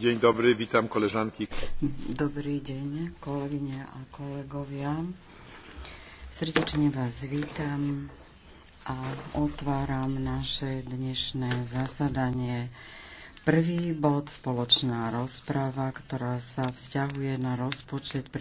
Deň dobrý, vítam koleżanki. Dobrý deň, kolegyne a kolegovia. Srdečne vás vítam a otváram naše dnešné zasadanie. Prvý bod spoločná rozprava, ktorá sa vzťahuje na rozpočet pre